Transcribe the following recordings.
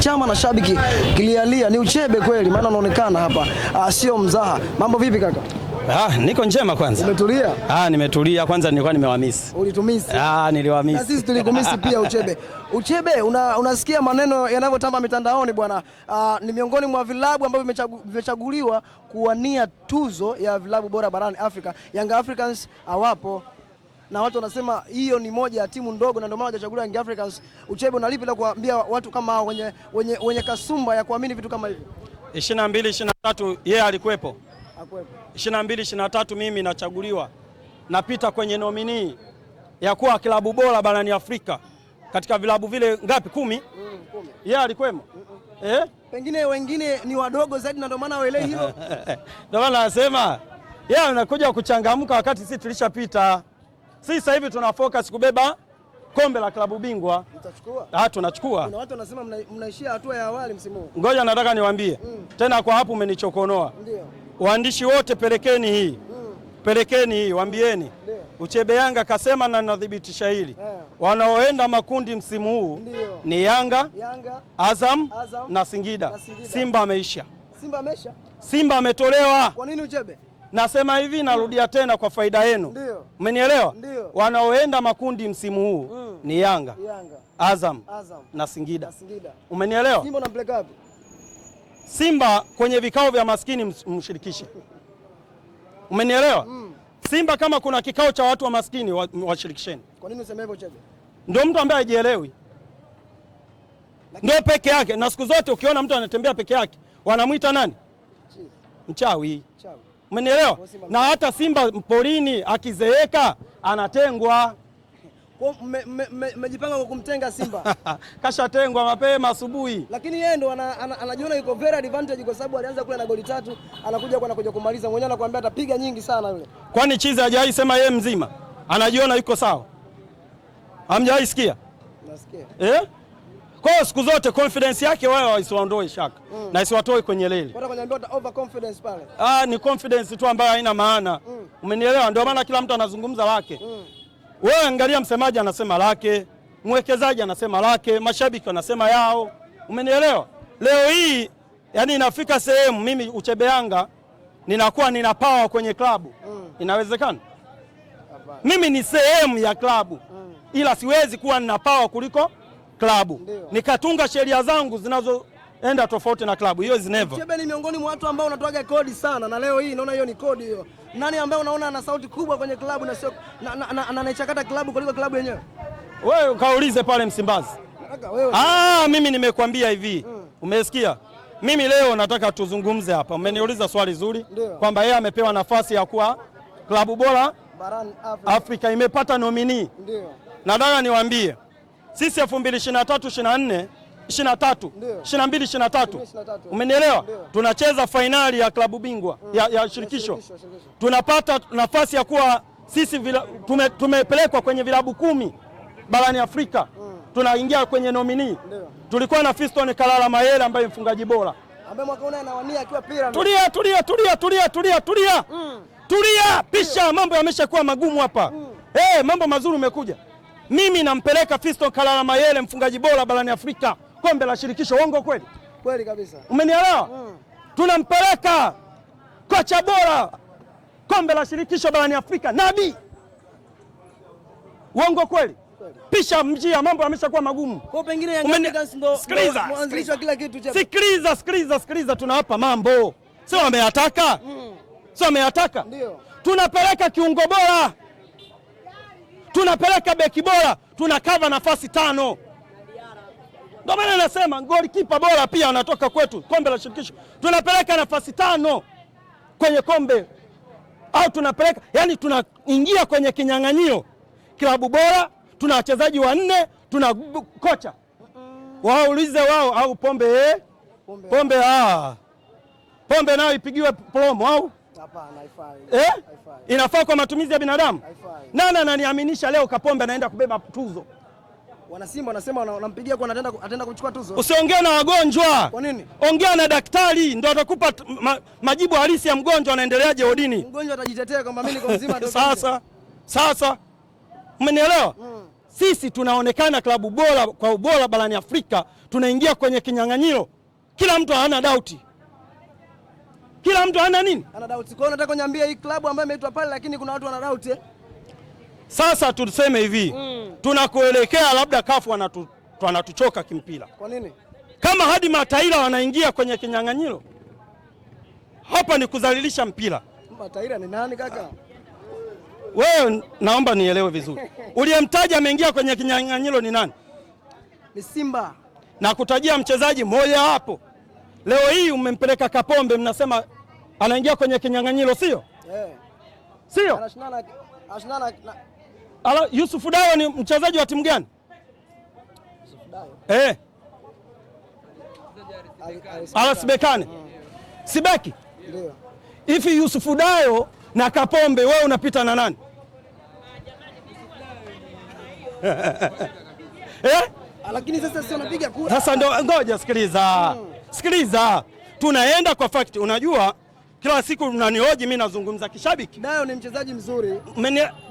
chama na shabiki kilialia ni uchebe kweli, maana unaonekana hapa ah, sio mzaha. Mambo vipi kaka? Ah, niko njema kwanza. Umetulia? Ah, nimetulia kwanza nilikuwa nimewamisi. Ulitumisi? Ah, niliwamisi. Na sisi tulikumisi pia Uchebe. Uchebe, una, unasikia maneno yanavyotamba mitandaoni bwana. Ah, ni miongoni mwa vilabu ambavyo vimechaguliwa kuwania tuzo ya vilabu bora barani Afrika. Young Africans awapo na watu wanasema hiyo ni moja ya timu ndogo, na ndio maana hajachaguliwa Young Africans. Uchebe, lipi la kuambia watu kama hao wenye, wenye, wenye kasumba ya kuamini vitu kama hivyo? 22 23, yeye alikuwepo, hakuwepo 22 23. Mimi nachaguliwa napita kwenye nomini ya kuwa klabu bora barani Afrika katika vilabu vile ngapi? Kumi. Mm, kumi. alikwemo. Mm -mm. Eh? Pengine wengine ni wadogo zaidi na ndio maana waelewi hilo. Ndio maana nasema yeye anakuja kuchangamka wakati sisi tulishapita. Sisi sasa hivi tuna focus kubeba kombe la klabu bingwa. Mtachukua? Ah, tunachukua. Kuna watu wanasema mnaishia hatua ya awali msimu huu. Ngoja nataka niwaambie mm. Tena kwa hapo umenichokonoa. Ndio. Waandishi wote pelekeni hii mm. Pelekeni hii waambieni Uchebe Yanga kasema na nadhibitisha hili yeah. Wanaoenda makundi msimu huu ni Yanga, Yanga Azam, Azam na Singida, na Singida. Simba ameisha. Simba ametolewa. Kwa nini Uchebe? Nasema hivi, narudia tena kwa faida yenu, umenielewa? Wanaoenda makundi msimu huu mm. ni Yanga, Yanga. Azam, Azam na Singida, na Singida. Umenielewa? Simba unampeleka wapi? Simba kwenye vikao vya maskini mshirikishe, umenielewa? mm. Simba kama kuna kikao cha watu wa maskini washirikisheni. Kwa nini unasema hivyo Chebe? Ndio mtu ambaye hajielewi ndio peke yake, na siku zote ukiona mtu anatembea peke yake wanamwita nani? Mchawi, mchawi. Umenielewa? Na hata simba porini akizeeka anatengwa. Mmejipanga kwa kumtenga simba? Kashatengwa mapema asubuhi, lakini yeye ndo anajiona yuko very advantage kwa sababu alianza kule na goli tatu, anakuja kwa anakuja kumaliza mwenyewe, anakuambia atapiga nyingi sana yule. Kwani chizi hajawahi sema yeye mzima anajiona yuko sawa? Hamjawahi sikia? Nasikia. Eh? Kwa hiyo siku zote confidence yake wao isiwaondoe shaka mm. na isiwatoe kwenye leli. Over confidence pale. Ah, ni confidence tu ambayo haina maana mm. Umenielewa? Ndio maana kila mtu anazungumza lake mm. Wewe angalia, msemaji anasema lake, mwekezaji anasema lake, mashabiki wanasema yao. Umenielewa? Leo hii yani inafika sehemu mimi uchebe Yanga ninakuwa nina power kwenye klabu mm. Inawezekana? Mimi ni sehemu ya klabu mm. ila siwezi kuwa nina power kuliko klabu, nikatunga sheria zangu zinazoenda tofauti na klabu hiyo. Never. Chebe ni miongoni mwa watu ambao unatoaga kodi sana, na leo hii naona hiyo ni kodi hiyo. Nani ambaye unaona ana sauti kubwa kwenye klabu na sio anaichakata klabu kuliko klabu yenyewe? Wewe kaulize pale Msimbazi. Ah, mimi nimekwambia hivi hmm. Umesikia? Mimi leo nataka tuzungumze hapa. Umeniuliza swali zuri kwamba yeye amepewa nafasi ya kuwa klabu bora barani Afrika, Afrika imepata nomini. Ndio. Nataka niwaambie sisi 2023 24 23 22 23, umenielewa? Tunacheza fainali ya klabu bingwa mm, ya, ya shirikisho, Tunapata nafasi ya kuwa sisi vila, tume, tumepelekwa kwenye vilabu kumi barani Afrika mm. Tunaingia kwenye nomini. Tulikuwa na Fiston Kalala Mayele ambaye mfungaji bora tulia, tulia, tulia, tulia, tulia, tulia. Mm. Tulia pisha, mambo yameshakuwa magumu hapa mm. Hey, eh, mambo mazuri umekuja mimi nampeleka Fiston Kalala Mayele, mfungaji bora barani Afrika, kombe la shirikisho. Uongo kweli? Kweli kabisa. Umenielewa? Mm. Tunampeleka kocha bora kombe la shirikisho barani Afrika, Nabi. Uongo kweli? Pisha mjia, mambo yameshakuwa magumu. Sikiliza, sikiliza, sikiliza, tunawapa mambo sio mm. wameyataka, mm. sio wameyataka, ndio tunapeleka kiungo bora tunapeleka beki bora, tunakava nafasi tano. Ndio maana nasema goli kipa bora pia anatoka kwetu, kombe la shirikisho tunapeleka nafasi tano kwenye kombe au tunapeleka yani, tunaingia kwenye kinyang'anyio, klabu bora, tuna wachezaji wanne, tuna kocha waulize wao, au pombe eh? pombe, ah, pombe nayo ipigiwe plomo au eh? Inafaa kwa matumizi ya binadamu? Nani ananiaminisha leo Kapombe anaenda kubeba tuzo? Wanasimba wanasema wanampigia kwa ataenda ataenda kuchukua tuzo. Usiongee na wagonjwa. Kwa nini? Ongea na daktari ndio atakupa ma, majibu halisi ya mgonjwa anaendeleaje wodini. Mgonjwa atajitetea kwamba mimi niko mzima. Sasa sasa umenielewa? Mm. Sisi tunaonekana klabu bora kwa ubora barani Afrika, tunaingia kwenye kinyang'anyiro, kila mtu hana dauti. Kila mtu ana nini? Ana doubt. Kwa hiyo nataka kuniambia hii klabu ambayo imeitwa pale, lakini kuna watu wana doubt eh? Sasa tuseme hivi mm. Tunakuelekea labda kafu wanatu, wanatuchoka kimpira. Kwa nini? Kama hadi mataira wanaingia kwenye kinyang'anyiro hapa ni kudhalilisha mpira. Mataira ni nani kaka? Wewe naomba nielewe vizuri uliyemtaja ameingia kwenye kinyang'anyiro ni nani? Ni Simba. Nakutajia mchezaji mmoja hapo Leo hii umempeleka Kapombe, mnasema anaingia kwenye kinyang'anyiro, sio eh. sio? Yusufu Dayo ni mchezaji wa timu gani? Eh, Alasbekani mm. sibeki hivi. Yusufu Dayo na Kapombe, wewe unapita na nani? eh? Lakini sasa sio, unapiga kura. Sasa ndio ngoja sikiliza. Hmm. Sikiliza, tunaenda kwa fact. Unajua kila siku unanioji mimi nazungumza kishabiki, nayo ni mchezaji mzuri.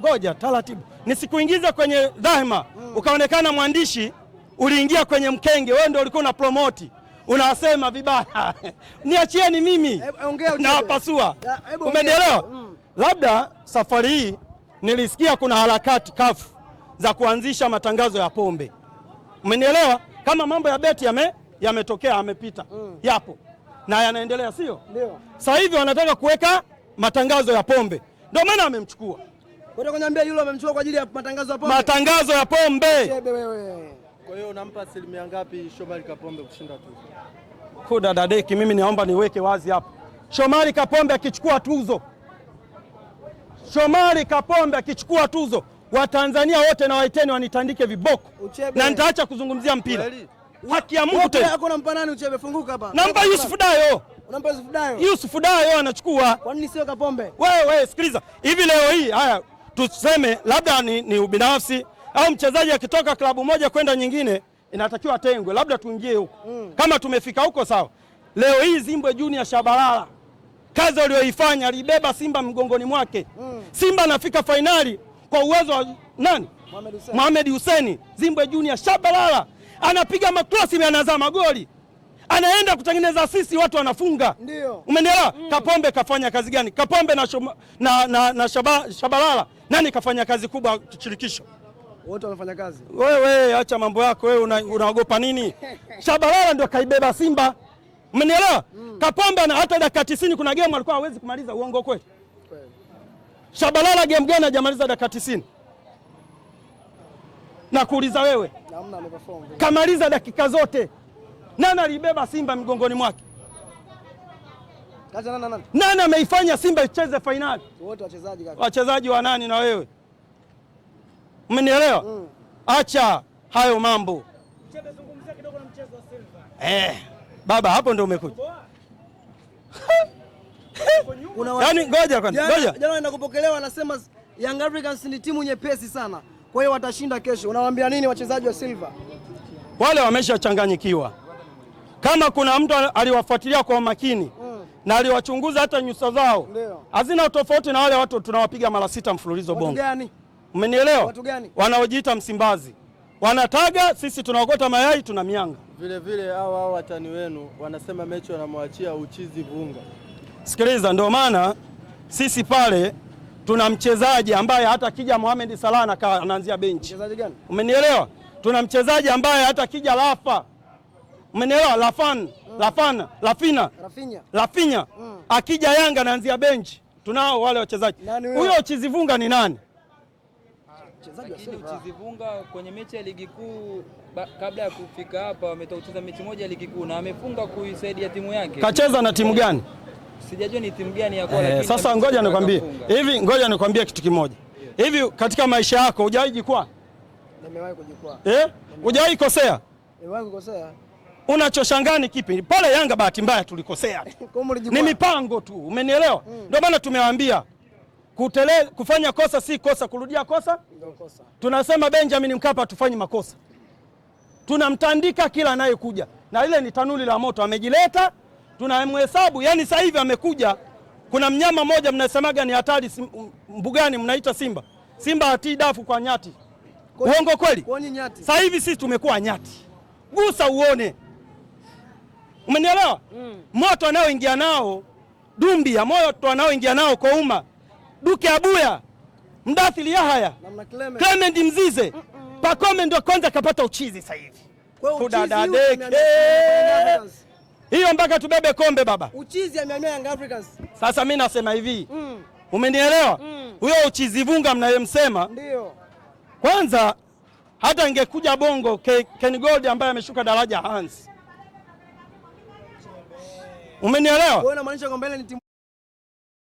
goja taratibu nisikuingize kwenye dhahma, mm. ukaonekana mwandishi uliingia kwenye mkenge, wewe ndio ulikuwa promote unasema vibaya niachieni mimi eh, nawapasua, umenielewa? mm. Labda safari hii nilisikia kuna harakati kafu za kuanzisha matangazo ya pombe, umenielewa? Kama mambo ya beti yame yametokea, yamepita mm. yapo na yanaendelea, sio ndio? Sasa hivi wanataka kuweka matangazo ya pombe, ndio maana amemchukua amemchukua kwa ajili ya matangazo ya pombe, matangazo ya pombe. Kwa hiyo unampa asilimia ngapi Shomari Kapombe kushinda tuzo? dadeki, mimi naomba niweke wazi hapa, Shomari Kapombe akichukua tuzo, Shomari Kapombe akichukua tuzo, Watanzania wote na waiteni wanitandike viboko Uchebe. na nitaacha kuzungumzia mpira Kweli haki ya Mungu tena. Yako nampa nani uchi hapa? Nampa Yusuf Dayo. Unampa Yusuf Dayo? Yusuf Dayo anachukua. Kwa nini sio Kapombe? Wewe wewe, sikiliza. Hivi leo hii haya tuseme labda ni, ni ubinafsi au mchezaji akitoka klabu moja kwenda nyingine inatakiwa atengwe, labda tuingie huko mm. Kama tumefika huko sawa. Leo hii Zimbwe Junior Shabalala kazi aliyoifanya alibeba Simba mgongoni mwake mm. Simba anafika fainali kwa uwezo wa nani? Mohamed Hussein. Zimbwe Junior Shabalala anapiga makrosi anazaa magoli, anaenda kutengeneza sisi, watu wanafunga. Ndio umenielewa? mm. Kapombe kafanya kazi gani? Kapombe na, shuma, na, na, na shaba, Shabalala nani kafanya kazi kubwa shirikisho? Wote wanafanya kazi. Wewe acha mambo yako wewe, unaogopa una nini? Shabalala ndio kaibeba Simba, umenielewa? mm. Kapombe na hata dakika tisini kuna game alikuwa hawezi kumaliza. Uongo kweli? Shabalala game gani hajamaliza dakika tisini Nakuuliza wewe, kamaliza dakika zote. Nani alibeba Simba mgongoni mwake? Nani ameifanya Simba icheze fainali? Wachezaji wa nani? Na wewe mmenielewa? Mm. Acha hayo mambo eh, baba, hapo ndo umekuja yaani, ngoja kwanza, yaani, ngoja jana nakupokelewa, anasema Young Africans ni timu nyepesi sana kwa hiyo watashinda kesho. Unawaambia nini wachezaji wa Silva? Wale wameshachanganyikiwa. Kama kuna mtu aliwafuatilia kwa umakini mm. na aliwachunguza hata nyuso zao hazina tofauti na wale watu tunawapiga mara sita mfululizo Bongo. Watu gani? Umenielewa? Watu gani? Wanaojiita Msimbazi wanataga, sisi tunaokota mayai, tuna mianga vile vile. Hao hao watani wenu wanasema mechi wanamwachia uchizi vunga. Sikiliza, ndio maana sisi pale tuna mchezaji ambaye hata akija Mohamed Salah anakaa anaanzia benchi. Mchezaji gani? Umenielewa? Tuna mchezaji ambaye hata akija Rafa, umenielewa? Lafan, mm. Lafana, Lafina, Rafinha, Rafinha mm. akija Yanga anaanzia benchi. Tunao wale wachezaji. Huyo Chizivunga ni nani? Lakini Uchizivunga kwenye mechi ya ligi kuu kabla ya kufika hapa wametoka mechi moja ya ligi kuu na amefunga kuisaidia timu yake. Kacheza na timu gani? sijajua ni timu gani yako, eh, lakini sasa ngoja nikwambie hivi, ngoja nikwambie kitu kimoja hivi, katika maisha yako hujawahi jikwaa? Nimewahi kujikwaa. Eh, hujawahi kosea? Nimewahi kukosea. Unachoshangaa ni kipi? Pale Yanga bahati mbaya tulikosea ni mipango tu, umenielewa? Mm. Ndio maana tumewaambia kutele, kufanya kosa si kosa, kurudia kosa ndio kosa. Tunasema Benjamin Mkapa tufanye makosa, tunamtandika kila anayekuja, na ile ni tanuli la moto amejileta tunamhesabu. Yani sasa hivi amekuja, kuna mnyama mmoja mnasemaga ni hatari mbugani, mnaita simba. Simba hatii dafu kwa nyati, uongo kweli? Sasa hivi sisi tumekuwa nyati, gusa uone, umenielewa? Mm. moto anaoingia nao dumbi ya moto anaoingia nao kwa umma Duke Abuya, Mdathili Yahaya, Clement Mzize, mm -mm. Pakome ndio kwanza kapata uchizi sasa hivi kudadadeke hiyo mpaka tubebe kombe baba. Uchizi amehamia Young Africans. Sasa mi nasema hivi mm. Umenielewa mm. huyo mm. uchizi vunga mnayemsema ndio kwanza, hata ingekuja bongo Ken Gold ambaye ameshuka daraja Hans, umenielewa?